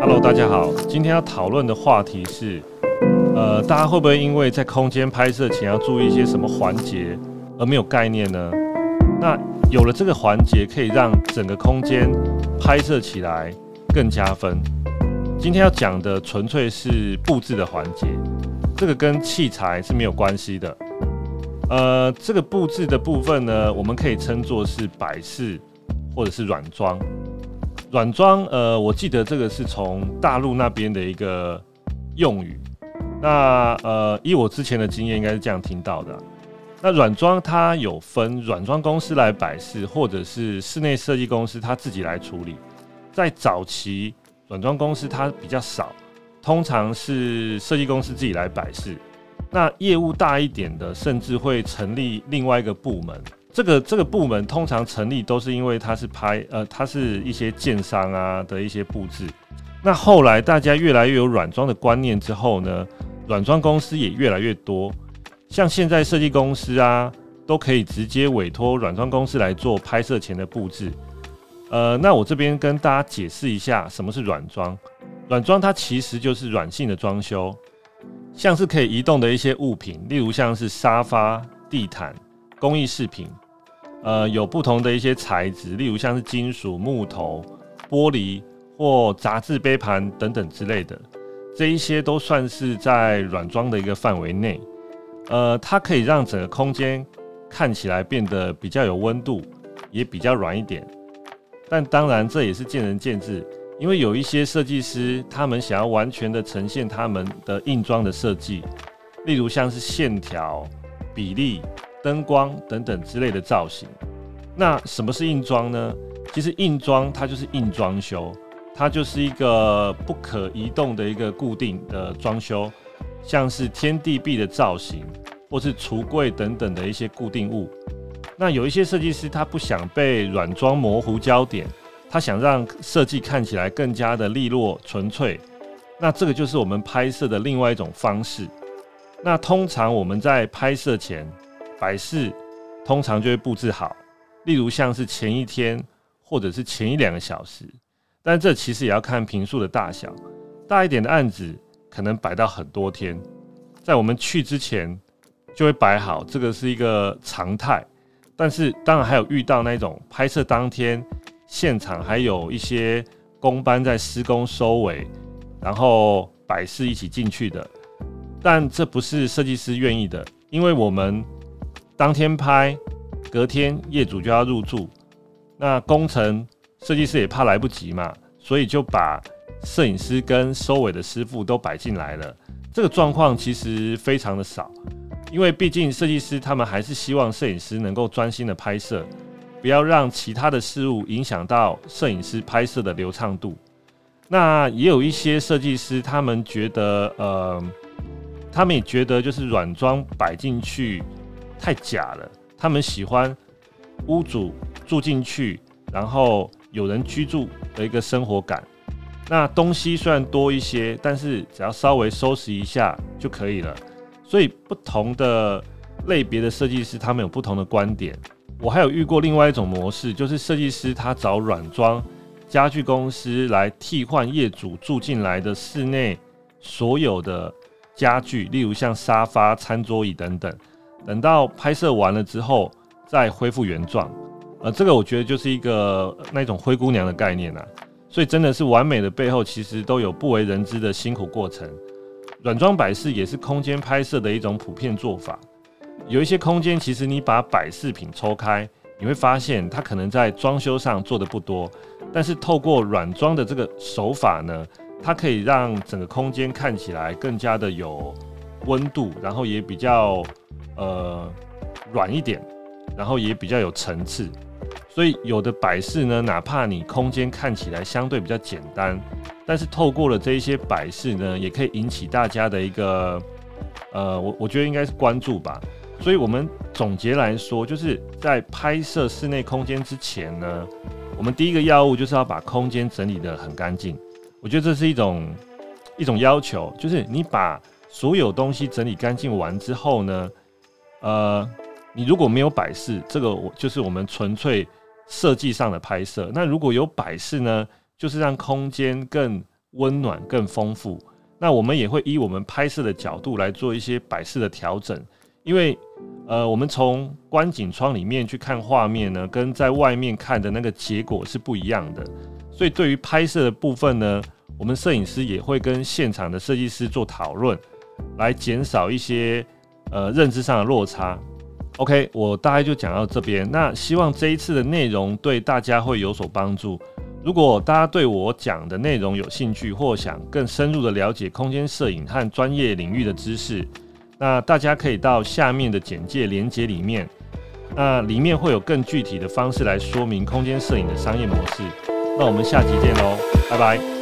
Hello，大家好。今天要討論的話題是，呃，大家會不會因為在空間拍攝前要注意一些什麼環節而沒有概念呢？那有了這個環節，可以讓整個空間拍攝起來更加分。今天要講的純粹是布置的環節，這個跟器材是沒有關係的。呃，這個布置的部分呢，我們可以稱作是擺飾或者是軟裝。軟裝，呃，我記得這個是從大陸那邊的一個用語。那呃，以我之前的經驗，應該是這樣聽到的啊。那軟裝它有分軟裝公司來擺飾，或者是室內設計公司他自己來處理。在早期，軟裝公司它比較少，通常是設計公司自己來擺飾。那業務大一點的，甚至會成立另外一個部門。這個這個部門通常成立都是因為它是拍呃，它是一些建商啊的一些布置。那後來大家越來越有軟裝的觀念之後呢，軟裝公司也越來越多。像現在設計公司啊，都可以直接委託軟裝公司來做拍攝前的布置。呃，那我這邊跟大家解釋一下什麼是軟裝。軟裝它其實就是軟性的裝修，像是可以移動的一些物品，例如像是沙發、地毯、工藝飾品，呃，有不同的一些材質，例如像是金屬、木頭、玻璃或雜誌杯盤等等之類的，這一些都算是在軟裝的一個範圍內。呃，它可以讓整個空間看起來變得比較有溫度，也比較軟一點。但當然這也是見仁見智，因為有一些設計師他們想要完全的呈現他們的硬裝的設計，例如像是線條、比例。燈光等等之類的造型。那什麼是硬裝呢？其實硬裝它就是硬裝修，它就是一個不可移動的一個固定的裝修，像是天地壁的造型，或是櫥櫃等等的一些固定物。那有一些設計師他不想被軟裝模糊焦點，他想讓設計看起來更加的利落純粹。那這個就是我們拍攝的另外一種方式。那通常我們在拍攝前，擺飾通常就會佈置好，例如像是前一天或者是前一兩個小時，但這其實也要看坪數的大小，大一點的案子可能擺到很多天，在我們去之前就會擺好，這個是一個常態。但是當然還有遇到那種拍攝當天現場還有一些工班在施工收尾，然後擺飾一起進去的，但這不是設計師願意的，因為我們。當天拍，隔天業主就要入住，那工程設計師也怕來不及嘛，所以就把攝影師跟收尾的師傅都擺進來了。這個狀況其實非常的少，因為畢竟設計師他們還是希望攝影師能夠專心的拍攝，不要讓其他的事物影響到攝影師拍攝的流暢度。那也有一些設計師他們覺得，呃，他們也覺得就是軟裝擺進去。太假了！他們喜歡屋主住進去，然後有人居住的一個生活感。那東西雖然多一些，但是只要稍微收拾一下就可以了。所以不同的類別的設計師，他們有不同的觀點。我還有遇過另外一種模式，就是設計師他找軟裝家具公司來替換業主住進來的室內所有的家具，例如像沙發、餐桌椅等等。等到拍攝完了之後再恢復原狀，呃，這個我覺得就是一個那種灰姑娘的概念啊，所以真的是完美的背後其實都有不為人知的辛苦過程。軟裝擺飾也是空間拍攝的一種普遍做法。有一些空間其實你把擺飾品抽開，你會發現它可能在裝修上做的不多，但是透過軟裝的這個手法呢，它可以讓整個空間看起來更加的有溫度，然後也比較。呃，軟一點，然後也比較有層次，所以有的擺飾呢，哪怕你空間看起來相對比較簡單，但是透過了這一些擺飾呢，也可以引起大家的一個呃，我我覺得應該是關注吧。所以我們總結來說，就是在拍攝室內空間之前呢，我們第一個要務就是要把空間整理得很乾淨。我覺得這是一種一種要求，就是你把所有東西整理乾淨完之後呢。呃，你如果沒有擺飾，這個我就是我們純粹設計上的拍攝。那如果有擺飾呢，就是讓空間更溫暖、更豐富。那我們也會依我們拍攝的角度來做一些擺飾的調整，因為呃，我們從觀景窗裡面去看畫面呢，跟在外面看的那個結果是不一樣的。所以對於拍攝的部分呢，我們攝影師也會跟現場的設計師做討論，來減少一些。呃，認知上的落差。OK，我大概就講到這邊。那希望這一次的內容對大家會有所幫助。如果大家對我講的內容有興趣，或想更深入的了解空間攝影和專業領域的知識，那大家可以到下面的簡介連結裡面。那裡面會有更具體的方式來說明空間攝影的商業模式。那我們下集見嘍，拜拜。